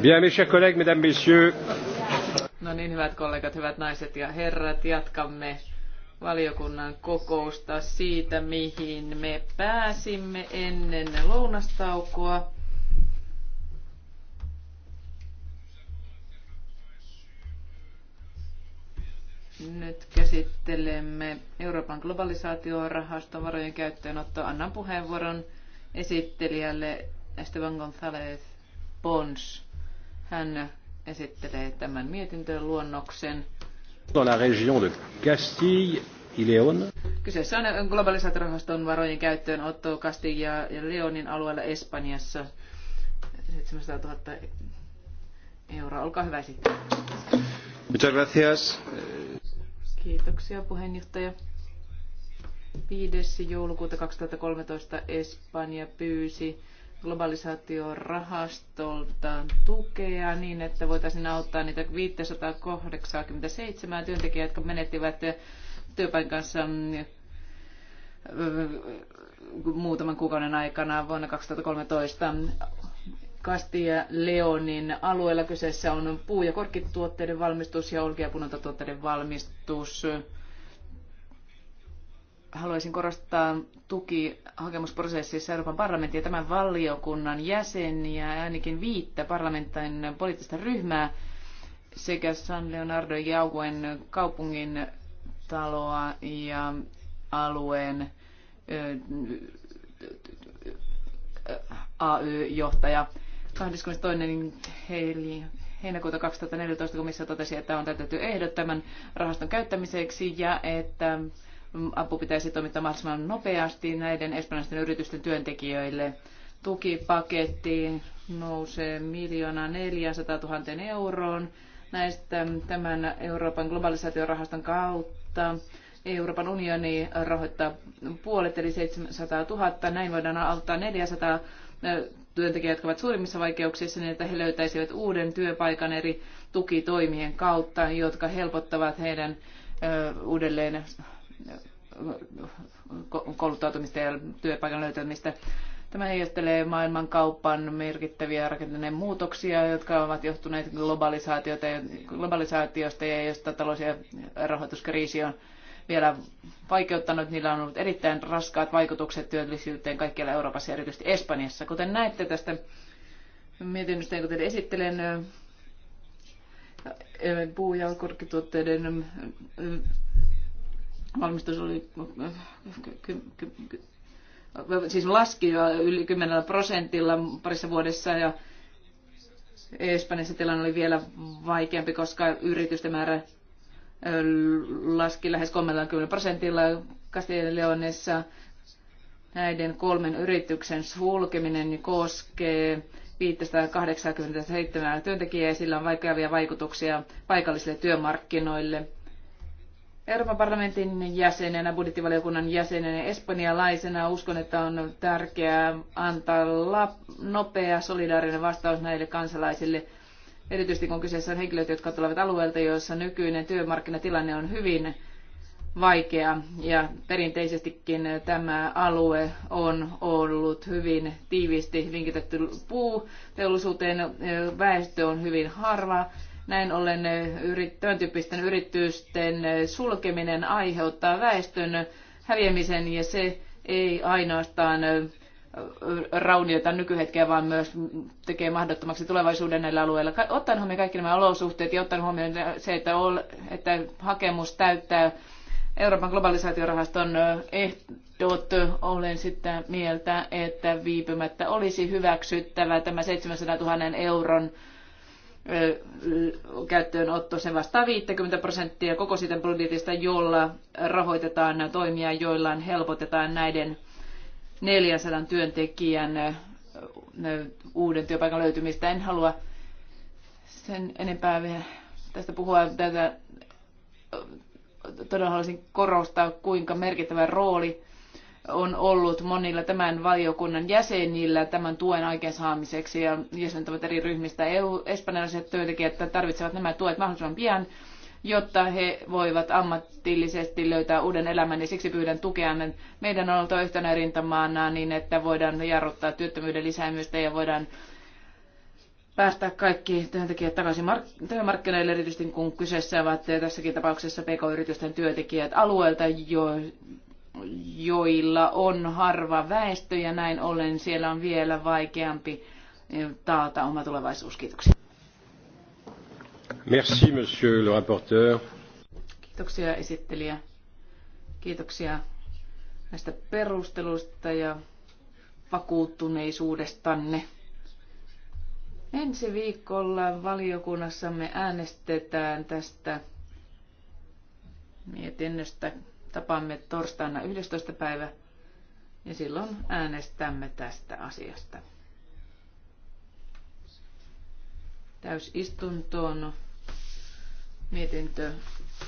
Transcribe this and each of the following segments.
Bien, mes chers collègues, mesdames, messieurs. No niin, hyvät kollegat, hyvät naiset ja herrat, jatkamme valiokunnan kokousta siitä, mihin me pääsimme ennen lounastaukoa. Nyt käsittelemme Euroopan globalisaatiorahaston varojen käyttöönottoa. Annan puheenvuoron esittelijälle Esteban González Pons. Hän esittelee tämän mietintöön luonnoksen. Dans la région de Castille et Leon. Kyseessä on globalisaatiorahaston varojen Otto Castille ja Leonin alueella Espanjassa. 700 000 euroa. Olkaa hyvä sitten. Muchas gracias. Kiitoksia puheenjohtaja. 5. joulukuuta 2013 Espanja pyysi globalisaatiorahastolta tukea niin, että voitaisiin auttaa niitä 587 työntekijää, jotka menettivät työpaikansa mm, muutaman kuukauden aikana vuonna 2013. Kastia Leonin alueella kyseessä on puu- ja korkkituotteiden valmistus ja olkia ja punontatuotteiden valmistus haluaisin korostaa tuki hakemusprosessissa Euroopan parlamentin ja tämän valiokunnan jäseniä, ainakin viittä parlamentin poliittista ryhmää sekä San Leonardo Jauguen kaupungin taloa ja alueen AY-johtaja 22. heinäkuuta 2014 komissio totesi, että on täytetty ehdot tämän rahaston käyttämiseksi ja että Apu pitäisi toimittaa mahdollisimman nopeasti näiden espanjalaisten yritysten työntekijöille. Tukipaketti nousee miljoona 400 000 euroon näistä tämän Euroopan globalisaatiorahaston kautta. Euroopan unioni rahoittaa puolet eli 700 000. Näin voidaan auttaa 400 työntekijät, jotka ovat suurimmissa vaikeuksissa, niin että he löytäisivät uuden työpaikan eri tukitoimien kautta, jotka helpottavat heidän uudelleen kouluttautumista ja työpaikan löytämistä. Tämä heijastelee maailmankaupan merkittäviä rakenteellisia muutoksia, jotka ovat johtuneet globalisaatiosta ja josta talous- ja rahoituskriisi on vielä vaikeuttanut. Niillä on ollut erittäin raskaat vaikutukset työllisyyteen kaikkialla Euroopassa ja erityisesti Espanjassa. Kuten näette tästä mietinnöstä, jonka teille esittelen, puu- ja korkituotteiden valmistus oli, siis laski jo yli 10 prosentilla parissa vuodessa ja Espanjassa tilanne oli vielä vaikeampi, koska yritysten määrä laski lähes 30 prosentilla. Castilla Leonessa näiden kolmen yrityksen sulkeminen koskee 587 työntekijää ja sillä on vaikeavia vaikutuksia paikallisille työmarkkinoille – Euroopan parlamentin jäsenenä, budjettivaliokunnan jäsenenä, espanjalaisena uskon, että on tärkeää antaa nopea solidaarinen vastaus näille kansalaisille, erityisesti kun kyseessä on henkilöt, jotka tulevat alueelta, joissa nykyinen työmarkkinatilanne on hyvin vaikea ja perinteisestikin tämä alue on ollut hyvin tiiviisti linkitetty puuteollisuuteen, väestö on hyvin harva näin ollen eh, tämän tyyppisten yritysten eh, sulkeminen aiheuttaa väestön häviämisen ja se ei ainoastaan eh, raunioita nykyhetkeä, vaan myös tekee mahdottomaksi tulevaisuuden näillä alueilla. Ottaen huomioon kaikki nämä olosuhteet ja ottaen huomioon se, että, ol, että hakemus täyttää Euroopan globalisaatiorahaston ehdot, olen sitä mieltä, että viipymättä olisi hyväksyttävä tämä 700 000 euron käyttöönotto, se vastaa 50 prosenttia koko siitä budjetista, jolla rahoitetaan toimia, joilla helpotetaan näiden 400 työntekijän uuden työpaikan löytymistä. En halua sen enempää vielä tästä puhua. Tätä todella haluaisin korostaa, kuinka merkittävä rooli on ollut monilla tämän valiokunnan jäsenillä tämän tuen aikaansaamiseksi ja jäsenet ovat eri ryhmistä. E espanjalaiset työntekijät tarvitsevat nämä tuet mahdollisimman pian, jotta he voivat ammatillisesti löytää uuden elämän ja siksi pyydän tukea. Meidän on oltava yhtenä rintamaana niin, että voidaan jarruttaa työttömyyden lisäämistä ja voidaan päästä kaikki työntekijät takaisin mark- työmarkkinoille, erityisesti kun kyseessä ovat tässäkin tapauksessa pk-yritysten työntekijät alueelta, jo, joilla on harva väestö ja näin ollen siellä on vielä vaikeampi eh, taata oma tulevaisuus. Kiitoksia. Merci, monsieur le rapporteur. Kiitoksia esittelijä. Kiitoksia näistä perusteluista ja vakuuttuneisuudestanne. Ensi viikolla valiokunnassamme äänestetään tästä mietinnöstä tapaamme torstaina 11. päivä ja silloin äänestämme tästä asiasta. Täysistuntoon mietintö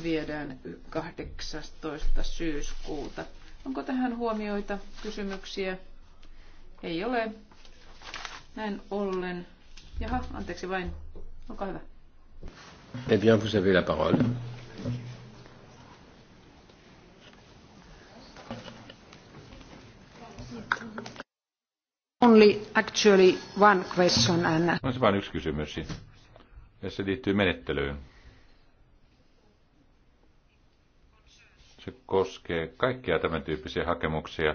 viedään 18. syyskuuta. Onko tähän huomioita, kysymyksiä? Ei ole. Näin ollen. Jaha, anteeksi vain. Olkaa hyvä. Eh bien, vous avez la parole. Olisi On uh, se vain yksi kysymys. Ja se liittyy menettelyyn. Se koskee kaikkia tämän tyyppisiä hakemuksia.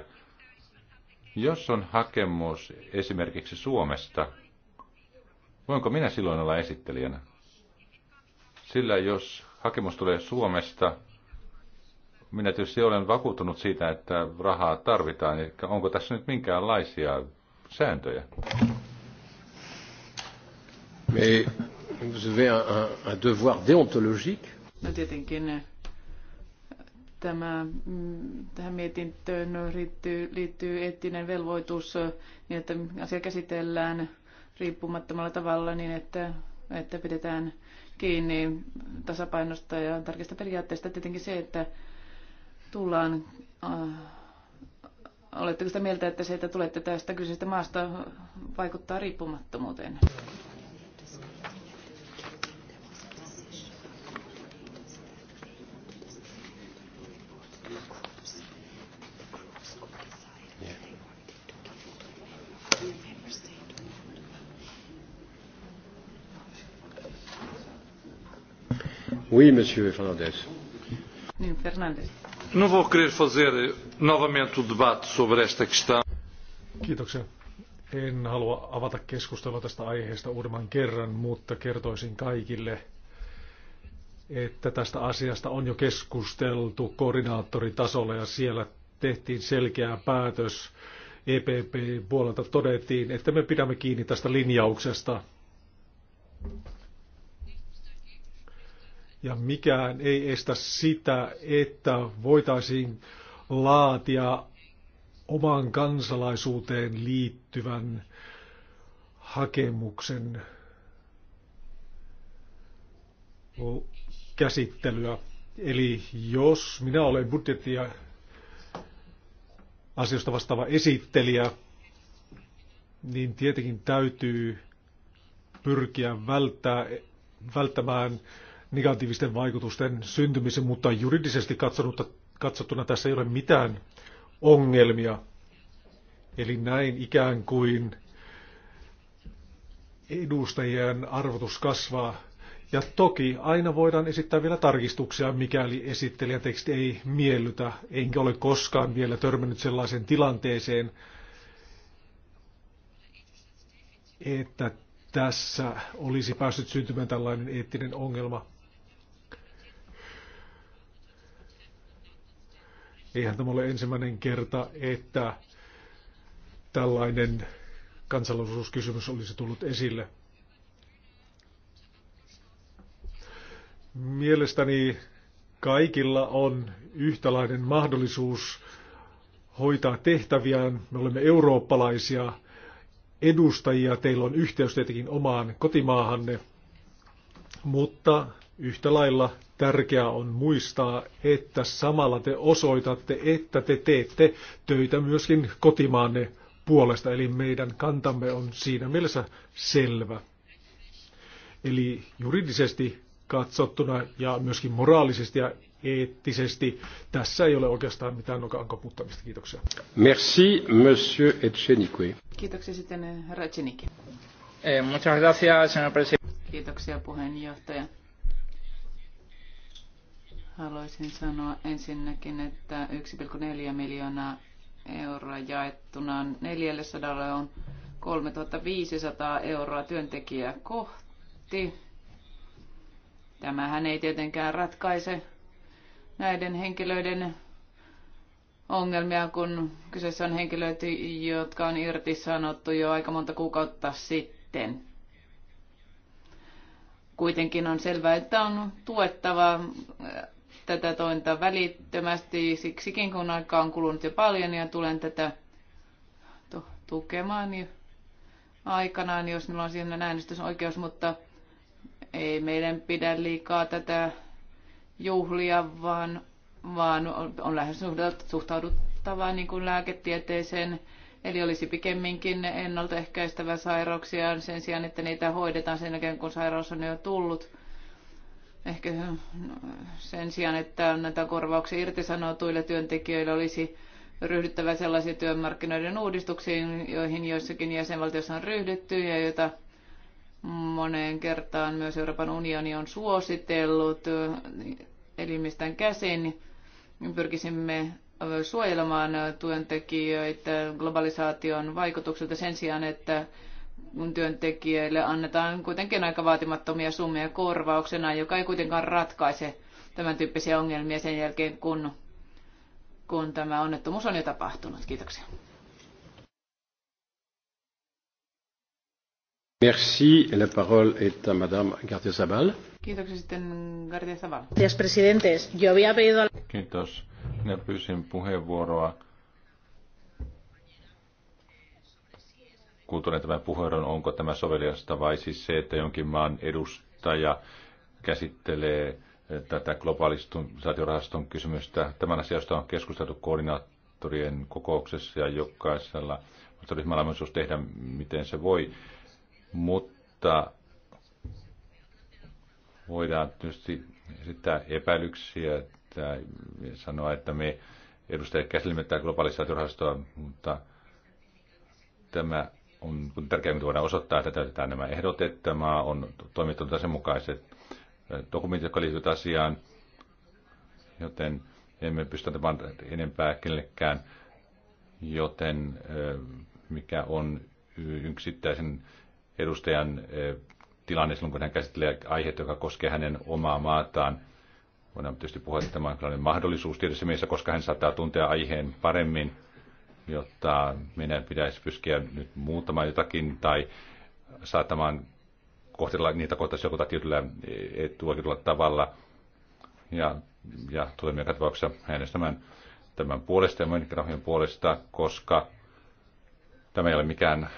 Jos on hakemus esimerkiksi Suomesta, voinko minä silloin olla esittelijänä? Sillä jos hakemus tulee Suomesta, minä tietysti olen vakuuttunut siitä, että rahaa tarvitaan. Eli onko tässä nyt minkäänlaisia sääntöjä. No tietenkin eh, tämä, mm, tähän mietintöön liittyy, liittyy eettinen velvoitus eh, niin, että asia käsitellään riippumattomalla tavalla niin, että, että pidetään kiinni tasapainosta ja tärkeistä periaatteista tietenkin se, että tullaan äh, Oletteko sitä mieltä, että se, että tulette tästä kyseisestä maasta, vaikuttaa riippumattomuuteen? Oui, monsieur Fernandez. Niin, Fernandez. Não vou querer fazer novamente o debate sobre esta questão. Kiitoksia. En halua avata keskustelua tästä aiheesta uudemman kerran, mutta kertoisin kaikille, että tästä asiasta on jo keskusteltu koordinaattoritasolla ja siellä tehtiin selkeä päätös. EPP puolelta todettiin, että me pidämme kiinni tästä linjauksesta. Ja mikään ei estä sitä, että voitaisiin laatia oman kansalaisuuteen liittyvän hakemuksen käsittelyä. Eli jos minä olen budjettia asioista vastaava esittelijä, niin tietenkin täytyy pyrkiä välttää, välttämään negatiivisten vaikutusten syntymisen, mutta juridisesti katsottuna tässä ei ole mitään ongelmia. Eli näin ikään kuin edustajien arvotus kasvaa. Ja toki aina voidaan esittää vielä tarkistuksia, mikäli esittelijän teksti ei miellytä, enkä ole koskaan vielä törmännyt sellaiseen tilanteeseen, että tässä olisi päässyt syntymään tällainen eettinen ongelma. Eihän tämä ole ensimmäinen kerta, että tällainen kansallisuuskysymys olisi tullut esille. Mielestäni kaikilla on yhtälainen mahdollisuus hoitaa tehtäviään. Me olemme eurooppalaisia edustajia, teillä on yhteys tietenkin omaan kotimaahanne, mutta yhtä lailla Tärkeää on muistaa, että samalla te osoitatte, että te teette töitä myöskin kotimaanne puolesta, eli meidän kantamme on siinä mielessä selvä. Eli juridisesti katsottuna ja myöskin moraalisesti ja eettisesti. Tässä ei ole oikeastaan mitään nokankoputtamista. Kiitoksia. Merci, monsieur Echenique. Kiitoksia sitten, herra Echenique. Eh, muchas gracias, señor presidente. Kiitoksia, puheenjohtaja. Haluaisin sanoa ensinnäkin, että 1,4 miljoonaa euroa jaettuna 400 on 3500 euroa työntekijää kohti. Tämähän ei tietenkään ratkaise näiden henkilöiden ongelmia, kun kyseessä on henkilöitä, jotka on irtisanottu jo aika monta kuukautta sitten. Kuitenkin on selvää, että on tuettava tätä tointa välittömästi, siksikin kun aikaa on kulunut jo paljon ja niin tulen tätä tukemaan aikanaan, jos minulla on siinä äänestysoikeus, mutta ei meidän pidä liikaa tätä juhlia, vaan, vaan on lähes suhtauduttava niin kuin lääketieteeseen. Eli olisi pikemminkin ennaltaehkäistävä sairauksia sen sijaan, että niitä hoidetaan sen jälkeen, kun sairaus on jo tullut. Ehkä no, sen sijaan, että annetaan korvauksia irtisanotuille työntekijöille, olisi ryhdyttävä sellaisiin työmarkkinoiden uudistuksiin, joihin joissakin jäsenvaltioissa on ryhdytty ja joita moneen kertaan myös Euroopan unioni on suositellut elimistään käsin. Pyrkisimme suojelemaan työntekijöitä globalisaation vaikutuksilta sen sijaan, että mun työntekijöille annetaan kuitenkin aika vaatimattomia summia korvauksena, joka ei kuitenkaan ratkaise tämän tyyppisiä ongelmia sen jälkeen, kun, kun tämä onnettomuus on jo tapahtunut. Kiitoksia. Merci. La parole est à Madame Gardia Sabal. Kiitoksia sitten Gardia Sabal. Kiitos, presidentes. Yo había pedido... Kiitos. Minä pyysin puheenvuoroa kuultuneet tämän puheenvuoron, onko tämä soveliasta vai siis se, että jonkin maan edustaja käsittelee eh, tätä globaalisaatiorahaston kysymystä. Tämän asiasta on keskusteltu koordinaattorien kokouksessa ja jokaisella ryhmällä on mahdollisuus tehdä, miten se voi. Mutta voidaan tietysti esittää epäilyksiä tai sanoa, että me edustajat käsittelemme tätä globalisaatiorahastoa, mutta tämä on tärkeää, kun osoittaa, että täytetään nämä ehdot, että maa on toimittanut sen mukaiset eh, dokumentit, jotka liittyvät asiaan, joten emme pysty antamaan enempää kenellekään, joten eh, mikä on yksittäisen edustajan eh, tilanne silloin, kun hän käsittelee aiheita, joka koskee hänen omaa maataan. Voidaan tietysti puhua, että tämä on mahdollisuus tietysti mielessä, koska hän saattaa tuntea aiheen paremmin jotta meidän pitäisi pyrkiä nyt muuttamaan jotakin tai saattamaan kohdella niitä kohtaisi joku tietyllä eh, etuokitulla tavalla. Ja, ja tulemme katavauksessa äänestämään tämän puolesta ja muiden rahojen puolesta, koska tämä ei ole mikään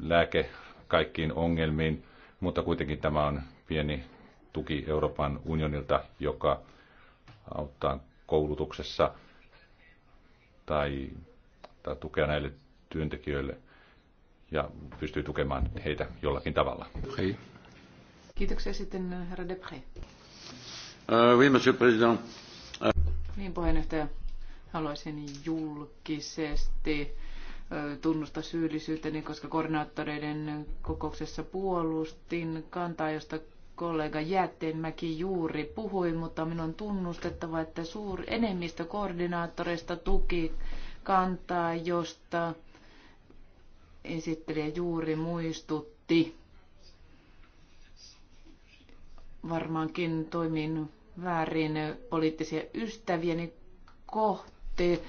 lääke kaikkiin ongelmiin, mutta kuitenkin tämä on pieni tuki Euroopan unionilta, joka auttaa koulutuksessa tai antaa tukea näille työntekijöille ja pystyy tukemaan heitä jollakin tavalla. Kiitoksia sitten herra Depré. Uh, oui, monsieur le président. Uh... Niin puheenjohtaja, haluaisin julkisesti äh, tunnusta syyllisyyteni, koska koordinaattoreiden kokouksessa puolustin kantaa, josta kollega Jäätteenmäki juuri puhui, mutta minun on tunnustettava, että suur enemmistö koordinaattoreista tuki kantaa, josta esittelijä juuri muistutti. Varmaankin toimin väärin poliittisia ystäviäni kohti.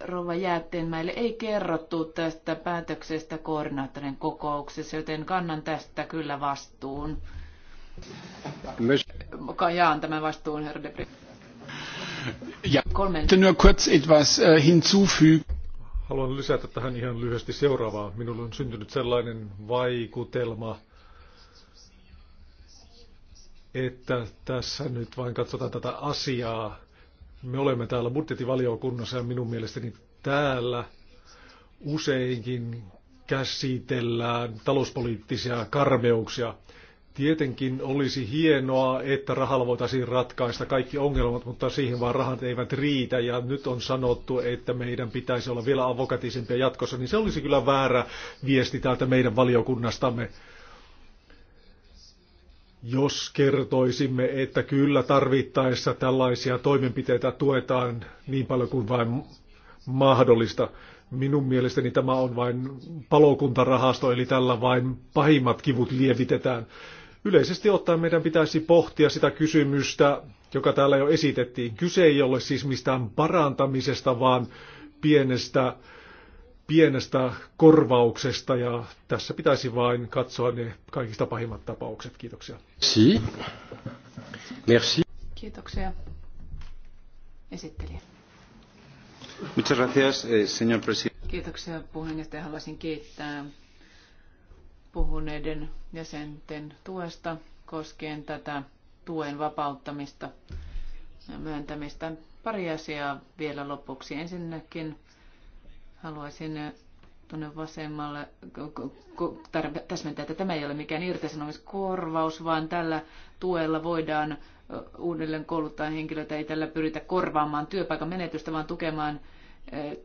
Rova Jäätteenmäelle ei kerrottu tästä päätöksestä koordinaattorin kokouksessa, joten kannan tästä kyllä vastuun. Jaan tämän vastuun, herra Debris. Ja, nur kurz etwas äh, hinzufügen. Haluan lisätä tähän ihan lyhyesti seuraavaa. Minulle on syntynyt sellainen vaikutelma, että tässä nyt vain katsotaan tätä asiaa. Me olemme täällä budjettivaliokunnassa ja minun mielestäni täällä useinkin käsitellään talouspoliittisia karmeuksia. Tietenkin olisi hienoa, että rahalla voitaisiin ratkaista kaikki ongelmat, mutta siihen vaan rahat eivät riitä. Ja nyt on sanottu, että meidän pitäisi olla vielä avokatisempia jatkossa, niin se olisi kyllä väärä viesti täältä meidän valiokunnastamme. Jos kertoisimme, että kyllä tarvittaessa tällaisia toimenpiteitä tuetaan niin paljon kuin vain mahdollista, minun mielestäni tämä on vain palokuntarahasto, eli tällä vain pahimmat kivut lievitetään. Yleisesti ottaen meidän pitäisi pohtia sitä kysymystä, joka täällä jo esitettiin. Kyse ei ole siis mistään parantamisesta, vaan pienestä, pienestä korvauksesta ja tässä pitäisi vain katsoa ne kaikista pahimmat tapaukset. Kiitoksia. Si. Merci. Kiitoksia. Esittelijä. Muchas gracias, eh, señor presidente. Kiitoksia puheenjohtaja. Haluaisin kiittää puhuneiden jäsenten tuesta koskien tätä tuen vapauttamista ja myöntämistä. Pari asiaa vielä lopuksi. Ensinnäkin haluaisin tuonne vasemmalle täsmentää, että tämä ei ole mikään irtisanomiskorvaus, vaan tällä tuella voidaan uudelleen kouluttaa henkilöitä. Ei tällä pyritä korvaamaan työpaikan menetystä, vaan tukemaan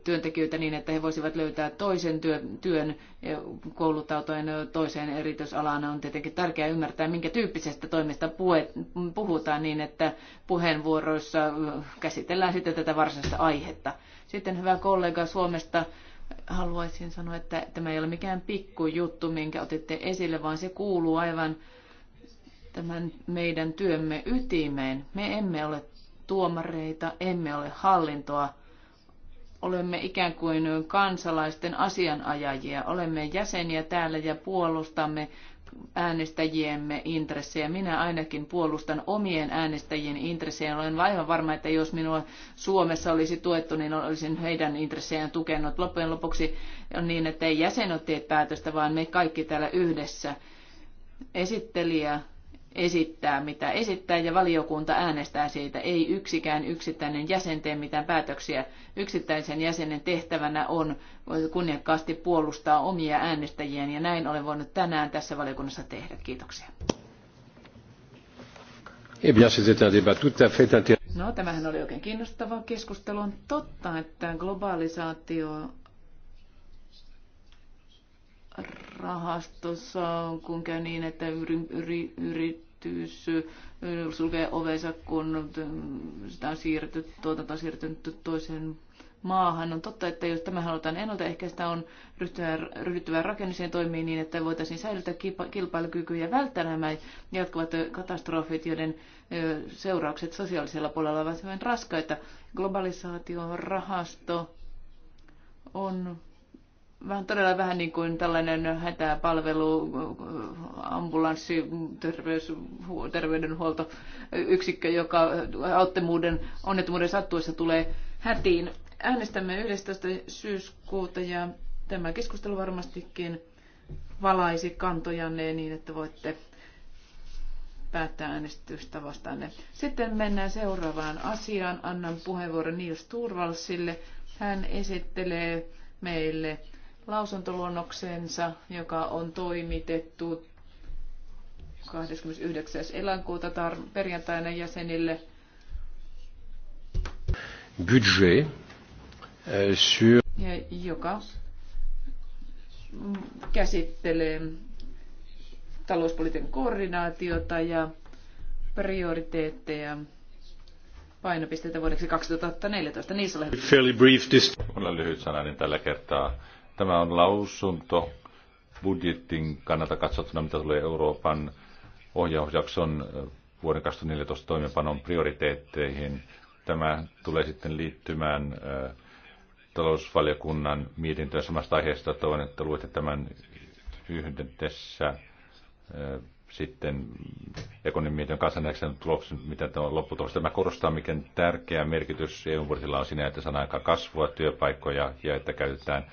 työntekijöitä niin, että he voisivat löytää toisen työn, kouluttautuen toiseen erityisalaan. On tietenkin tärkeää ymmärtää, minkä tyyppisestä toimesta puhutaan niin, että puheenvuoroissa käsitellään sitten tätä varsinaista aihetta. Sitten hyvä kollega Suomesta haluaisin sanoa, että tämä ei ole mikään pikkujuttu, minkä otitte esille, vaan se kuuluu aivan tämän meidän työmme ytimeen. Me emme ole tuomareita, emme ole hallintoa, olemme ikään kuin kansalaisten asianajajia. Olemme jäseniä täällä ja puolustamme äänestäjiemme intressejä. Minä ainakin puolustan omien äänestäjien intressejä. Olen aivan varma, että jos minua Suomessa olisi tuettu, niin olisin heidän intressejään tukenut. Loppujen lopuksi on niin, että ei jäsenet tee päätöstä, vaan me kaikki täällä yhdessä. Esittelijä esittää, mitä esittää, ja valiokunta äänestää siitä. Ei yksikään yksittäinen jäsen tee mitään päätöksiä. Yksittäisen jäsenen tehtävänä on kunniakkaasti puolustaa omia äänestäjiään, ja näin olen voinut tänään tässä valiokunnassa tehdä. Kiitoksia. Eh no, tämähän oli oikein kiinnostava keskustelu. On totta, että globalisaatio rahastossa, kun käy niin, että yri, yri, yritys sulkee ovensa, kun sitä on siirretty, tuotanto on siirtynyt toiseen maahan. On totta, että jos tämä halutaan ennaltaehkäistä, on ryhtyä, ryhdyttävä rakenniseen toimii niin, että voitaisiin säilyttää kilpailukyky ja välttää nämä jatkuvat katastrofit, joiden seuraukset sosiaalisella puolella ovat hyvin raskaita. Globalisaatio rahasto on vähän todella vähän niin kuin tällainen hätäpalvelu, ambulanssi, terveys, yksikkö joka auttemuuden, onnettomuuden sattuessa tulee hätiin. Äänestämme 11. syyskuuta ja tämä keskustelu varmastikin valaisi kantojanne niin, että voitte päättää äänestystä vastanne. Sitten mennään seuraavaan asiaan. Annan puheenvuoron Nils Turvalsille. Hän esittelee meille lausuntoluonnoksensa, joka on toimitettu 29. elokuuta tar- perjantaina jäsenille. Budget euh, sur... ja joka käsittelee talouspolitiikan koordinaatiota ja prioriteetteja painopisteitä vuodeksi 2014. Niissä on Fairly lyhyt sananen tällä kertaa. Tämä on lausunto budjettin kannalta katsottuna, mitä tulee Euroopan ohjausjakson vuoden 2014 toimeenpanon prioriteetteihin. Tämä tulee sitten liittymään talousvaliokunnan mietintöön samasta aiheesta. Toivon, että luette tämän yhdessä sitten Ekonin mietinnön kansanäkseen tuloksen, mitä tämä on lopputulos. Tämä korostaa, miten tärkeä merkitys eu budjetilla on siinä, että saadaan aikaa kasvua, työpaikkoja ja että käytetään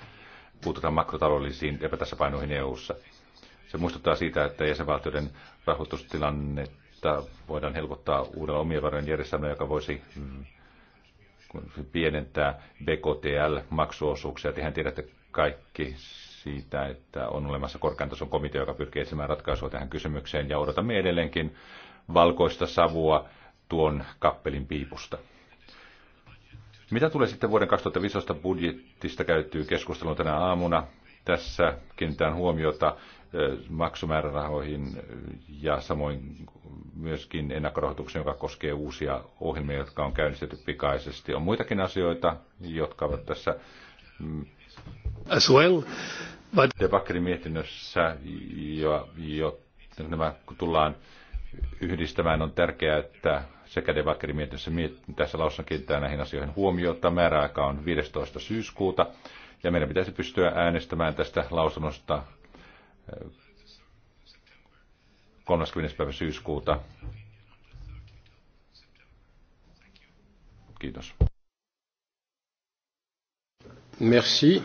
puututaan makrotaloudellisiin epätasapainoihin EU-ssa. Se muistuttaa siitä, että jäsenvaltioiden rahoitustilannetta voidaan helpottaa uudella omien varojen järjestelmällä, joka voisi mm, pienentää BKTL-maksuosuuksia. Tehän tiedätte kaikki siitä, että on olemassa korkean tason komitea, joka pyrkii etsimään ratkaisua tähän kysymykseen, ja odotamme edelleenkin valkoista savua tuon kappelin piipusta. Mitä tulee sitten vuoden 2015 budjettista käytyy keskustelun tänä aamuna? Tässä kiinnitään huomiota maksumäärärahoihin ja samoin myöskin ennakkorahoituksen, joka koskee uusia ohjelmia, jotka on käynnistetty pikaisesti. On muitakin asioita, jotka ovat tässä mm, as well, but... debakkerin mietinnössä, jo, jo, nämä tullaan yhdistämään, on tärkeää, että sekä Debakerin mietinnössä tässä lausunnossa kiinnittää näihin asioihin huomiota. Määräaika on 15. syyskuuta ja meidän pitäisi pystyä äänestämään tästä lausunnosta 30. Äh, päivä syyskuuta. Kiitos. Merci.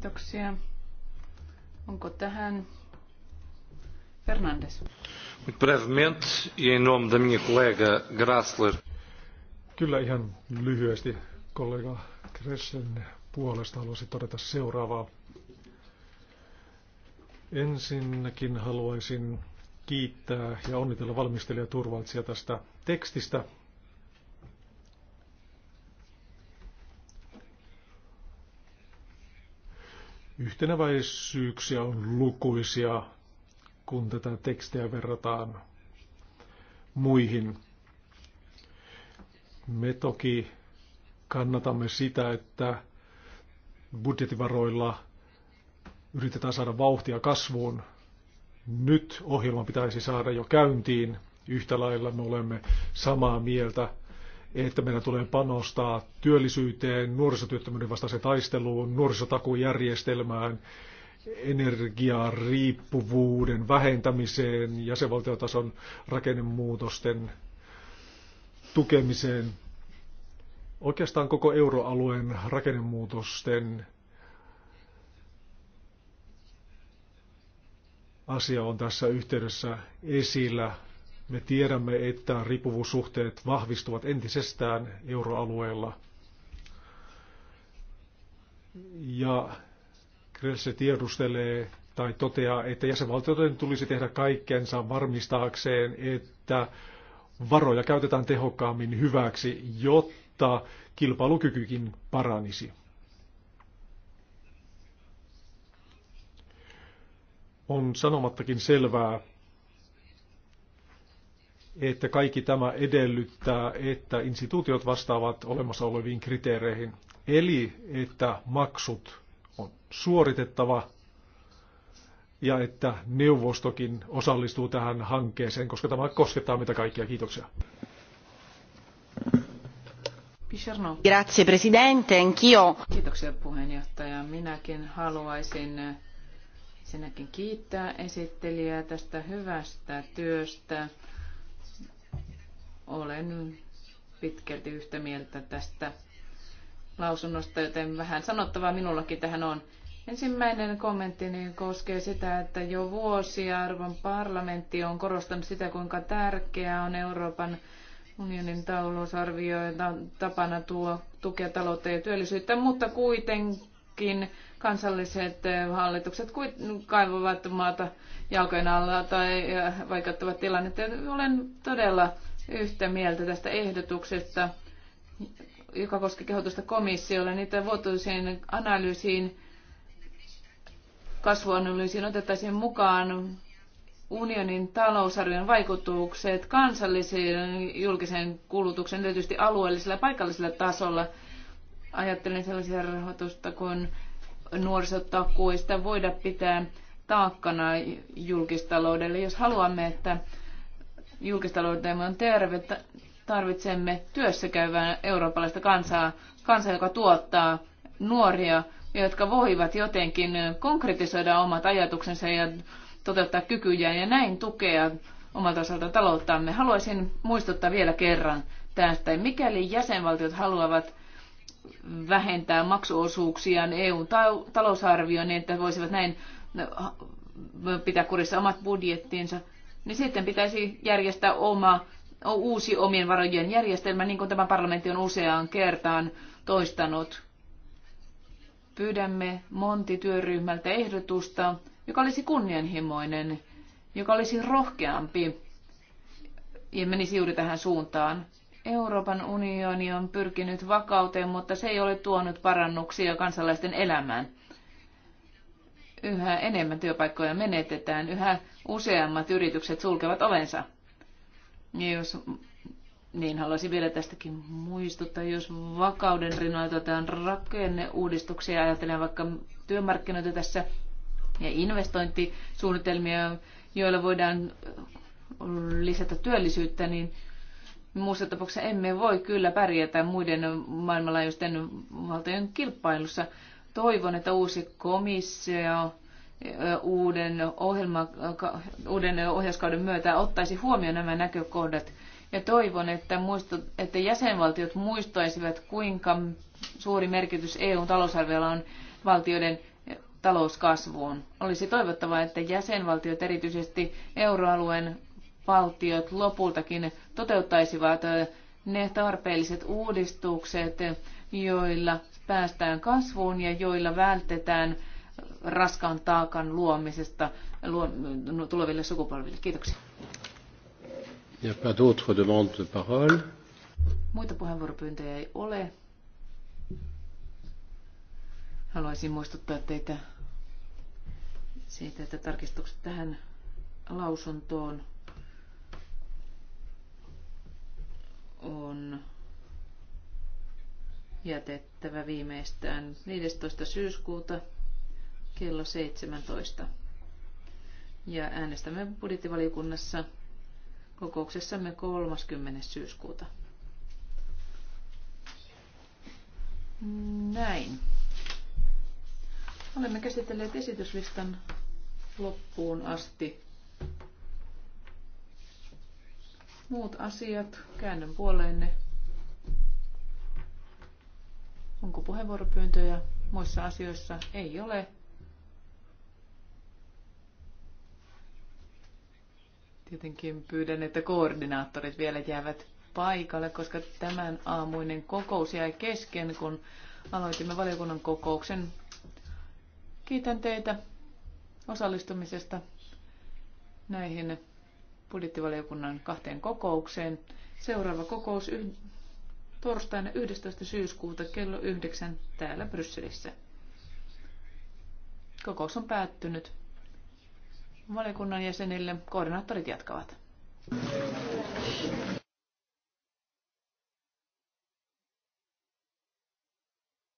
Kiitoksia. Onko tähän Fernandes? Muito brevemente, e em nome da minha colega Grassler. Kyllä ihan lyhyesti kollega Gressen puolesta haluaisin todeta seuraavaa. Ensinnäkin haluaisin kiittää ja onnitella valmistelija Turvaltsia tästä tekstistä. Yhtenäväisyyksiä on lukuisia kun tätä tekstiä verrataan muihin. Me toki kannatamme sitä, että budjettivaroilla yritetään saada vauhtia kasvuun. Nyt ohjelma pitäisi saada jo käyntiin. Yhtä lailla me olemme samaa mieltä, että meidän tulee panostaa työllisyyteen, nuorisotyöttömyyden vastaiseen taisteluun, nuorisotakujärjestelmään energiariippuvuuden vähentämiseen, jäsenvaltiotason rakennemuutosten tukemiseen. Oikeastaan koko euroalueen rakennemuutosten asia on tässä yhteydessä esillä. Me tiedämme, että riippuvuussuhteet vahvistuvat entisestään euroalueella. Ja se tiedustelee tai toteaa, että jäsenvaltioiden tulisi tehdä kaikkensa varmistaakseen, että varoja käytetään tehokkaammin hyväksi, jotta kilpailukykykin paranisi. On sanomattakin selvää, että kaikki tämä edellyttää, että instituutiot vastaavat olemassa oleviin kriteereihin, eli että maksut on suoritettava ja että neuvostokin osallistuu tähän hankkeeseen, koska tämä koskettaa mitä kaikkia. Kiitoksia. Grazie Presidente, anch'io. Kiitoksia puheenjohtaja. Minäkin haluaisin sinäkin kiittää esittelijää tästä hyvästä työstä. Olen pitkälti yhtä mieltä tästä lausunnosta, joten vähän sanottavaa minullakin tähän on. Ensimmäinen kommenttini koskee sitä, että jo vuosia arvon parlamentti on korostanut sitä, kuinka tärkeää on Euroopan unionin talousarvio tapana tuo, tukea taloutta ja työllisyyttä, mutta kuitenkin kansalliset hallitukset kaivavat maata jalkojen alla tai äh, vaikeuttavat tilannetta. Olen todella yhtä mieltä tästä ehdotuksesta joka koski kehotusta komissiolle, niitä vuotuiseen analyysiin, kasvuanalyysiin otettaisiin mukaan unionin talousarvion vaikutukset kansalliseen julkiseen kulutukseen erityisesti alueellisella ja paikallisella tasolla. Ajattelen sellaisia rahoitusta kuin nuorisotakuista voida pitää taakkana julkistaloudelle. Jos haluamme, että julkistaloutemme on terve, Tarvitsemme työssä käyvää eurooppalaista kansaa, kansaa, joka tuottaa nuoria, jotka voivat jotenkin konkretisoida omat ajatuksensa ja toteuttaa kykyjään ja näin tukea omalta osalta talouttamme. Haluaisin muistuttaa vielä kerran tästä. Mikäli jäsenvaltiot haluavat vähentää maksuosuuksiaan EUn talousarvioon niin, että voisivat näin no, pitää kurissa omat budjettinsa, niin sitten pitäisi järjestää oma uusi omien varojen järjestelmä, niin kuin tämä parlamentti on useaan kertaan toistanut. Pyydämme Monti-työryhmältä ehdotusta, joka olisi kunnianhimoinen, joka olisi rohkeampi ja menisi juuri tähän suuntaan. Euroopan unioni on pyrkinyt vakauteen, mutta se ei ole tuonut parannuksia kansalaisten elämään. Yhä enemmän työpaikkoja menetetään, yhä useammat yritykset sulkevat ovensa. Ja jos niin haluaisin vielä tästäkin muistuttaa, jos vakauden rinnalla otetaan rakenneuudistuksia, ajatellaan vaikka työmarkkinoita tässä ja investointisuunnitelmia, joilla voidaan lisätä työllisyyttä, niin muussa tapauksessa emme voi kyllä pärjätä muiden maailmanlaajuisten valtojen kilpailussa. Toivon, että uusi komissio uuden, ohjelma, uuden ohjauskauden myötä ottaisi huomioon nämä näkökohdat. Ja toivon, että, muistu, että jäsenvaltiot muistaisivat, kuinka suuri merkitys EUn talousarviolla on valtioiden talouskasvuun. Olisi toivottavaa, että jäsenvaltiot, erityisesti euroalueen valtiot, lopultakin toteuttaisivat ne tarpeelliset uudistukset, joilla päästään kasvuun ja joilla vältetään raskaan taakan luomisesta tuleville sukupolville. Kiitoksia. Ja pas d'autres demandes de parole. Muita puheenvuoropyyntöjä ei ole. Haluaisin muistuttaa teitä siitä, että tarkistukset tähän lausuntoon on jätettävä viimeistään 14. syyskuuta kello 17. Ja äänestämme budjettivaliokunnassa kokouksessamme 30. syyskuuta. Näin. Olemme käsitelleet esityslistan loppuun asti. Muut asiat, käännön puoleenne. Onko puheenvuoropyyntöjä muissa asioissa? Ei ole. Tietenkin pyydän, että koordinaattorit vielä jäävät paikalle, koska tämän aamuinen kokous jäi kesken, kun aloitimme valiokunnan kokouksen. Kiitän teitä osallistumisesta näihin budjettivaliokunnan kahteen kokoukseen. Seuraava kokous torstaina 11. syyskuuta kello 9 täällä Brysselissä. Kokous on päättynyt valiokunnan jäsenille. Koordinaattorit jatkavat.